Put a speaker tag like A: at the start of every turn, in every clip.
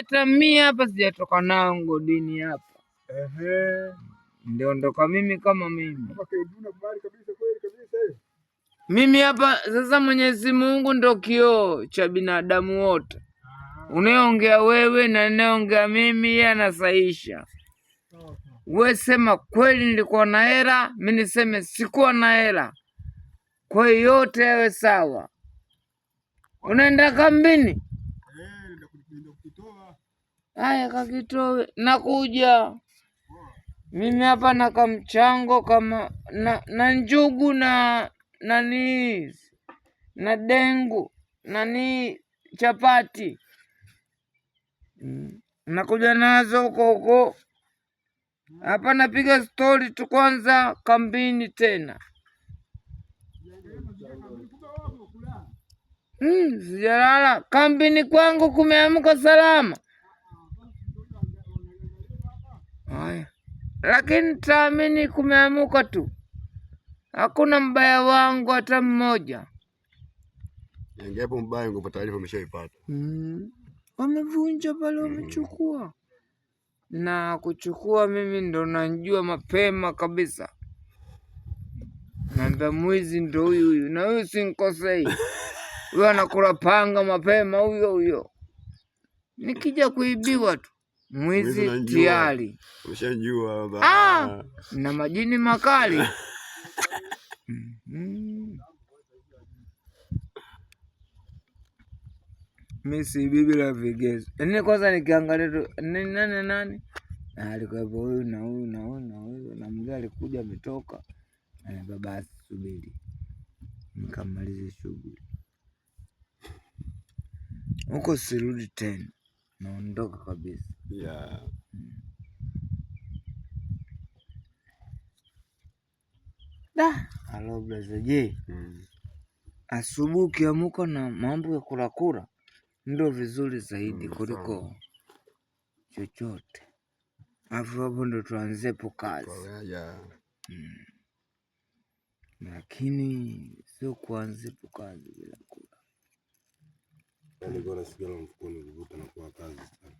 A: hata mimi hapa sijatoka nao ngodini hapa,
B: ehe, ndiondoka mimi kama mimi
C: eh.
A: mimi hapa sasa. Mwenyezi Mungu ndo kioo cha binadamu wote, unayeongea wewe na ninayeongea mimi, yeye anasaisha. We sema kweli, nilikuwa na hela, mi niseme sikuwa na hela, kwa yote yawe sawa. Unaenda kambini Haya kakitowe, nakuja mimi hapa na kamchango kama na, na njugu na nanii na dengu nanii chapati Nakuja nazo huko huko hapa, napiga stori tu kwanza kambini tena mm, sijalala kambini kwangu, kumeamka salama. Haya, lakini taamini kumeamuka tu, hakuna mbaya wangu hata mmoja.
C: Ingepo mbaya ngoo, taarifa umeshaipata.
A: Mm. Wamevunja pale, mm. wamechukua na kuchukua, mimi ndo najua mapema kabisa. Naambia mwizi ndo huyu huyu, na huyu sinkosei huyo, anakula panga mapema huyo huyo, nikija kuibiwa tu mwizi tiari,
C: ushajua
A: ah, na majini makali mhm. mi si bibi la vigezo. Yaani kwanza nikiangalia tu nani nani nani alikuwepo huyu na huyu na huyu na huyu na mgee alikuja ametoka, ananiambia basi subiri nikamalize shughuli huko, sirudi tena naondoka kabisa yeah. Da blaza, je, hmm. asubuhi ukiamuka na mambo ya kurakura ndo vizuri zaidi hmm, kuliko chochote, afu hapo ndo tuanzepo kazi
C: yeah. Hmm.
A: lakini sio kuanzepo kazi
C: Yani bora sigara mfukoni kuvuta na kuwa kazi sana.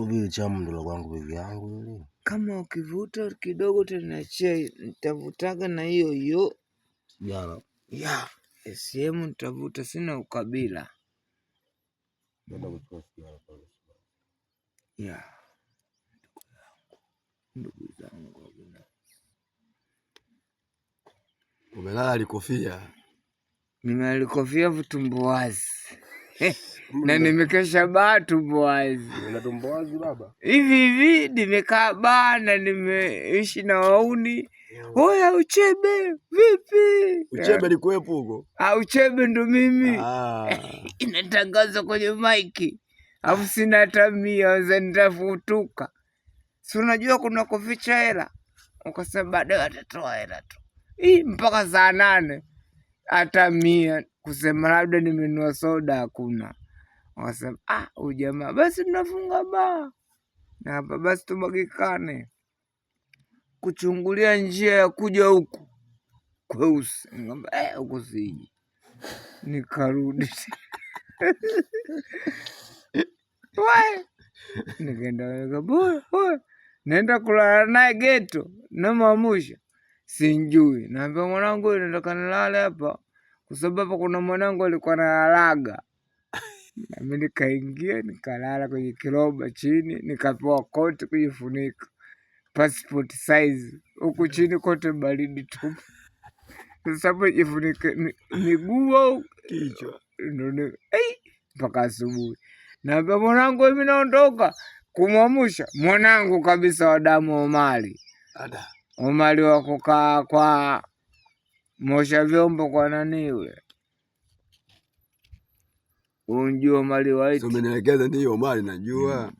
C: vile la kwangu yangu
A: Kama ukivuta kidogo tena ntavutaga nitavutaga na hiyo hiyo. Sigara. Ya, sehemu nitavuta sina ukabila. Nenda kuchukua sigara pale. Ya. Ndugu zangu.
C: Umelala alikofia
A: nimealikofia vitumbuazi na nimekesha baa tumbuazi hivi hivi, nimekaa baa na nimeishi na wauni Oya, uchebe vipi?
C: Uchebe likuwepo huko?
A: Ah, uchebe ndo mimi
C: ah.
A: Inatangazwa kwenye maiki afu sina hata mia, waza nitafutuka. Si unajua kuna kuficha hela, ukasema baadaye watatoa hela tu, mpaka saa nane hata mia kusema labda nimenua soda hakuna. Wasema ah, ujamaa basi tunafunga baa na hapa basi tubagikane. Kuchungulia njia ya kuja huku kweusi, nikamwambia eh, huku siji, nikarudi nikaenda kaburi, naenda kulala naye geto, namwamusha Sinjui. Naambia mwanangu, nataka nilale hapa, kwa sababu kuna mwanangu alikuwa na alaga nami nikaingia nikalala kwenye kiroba chini, nikapewa koti kujifunika passport size, huku chini kote baridi tu. Sasa hapo jifunike miguu au kichwa ndio mpaka asubuhi. Naambia mwanangu, mimi naondoka kumwamsha mwanangu kabisa wa damu wa mali Ada umali wa kukaa kwa mosha vyombo kwa nani ule unjua umali iti.
C: so umali najua mm.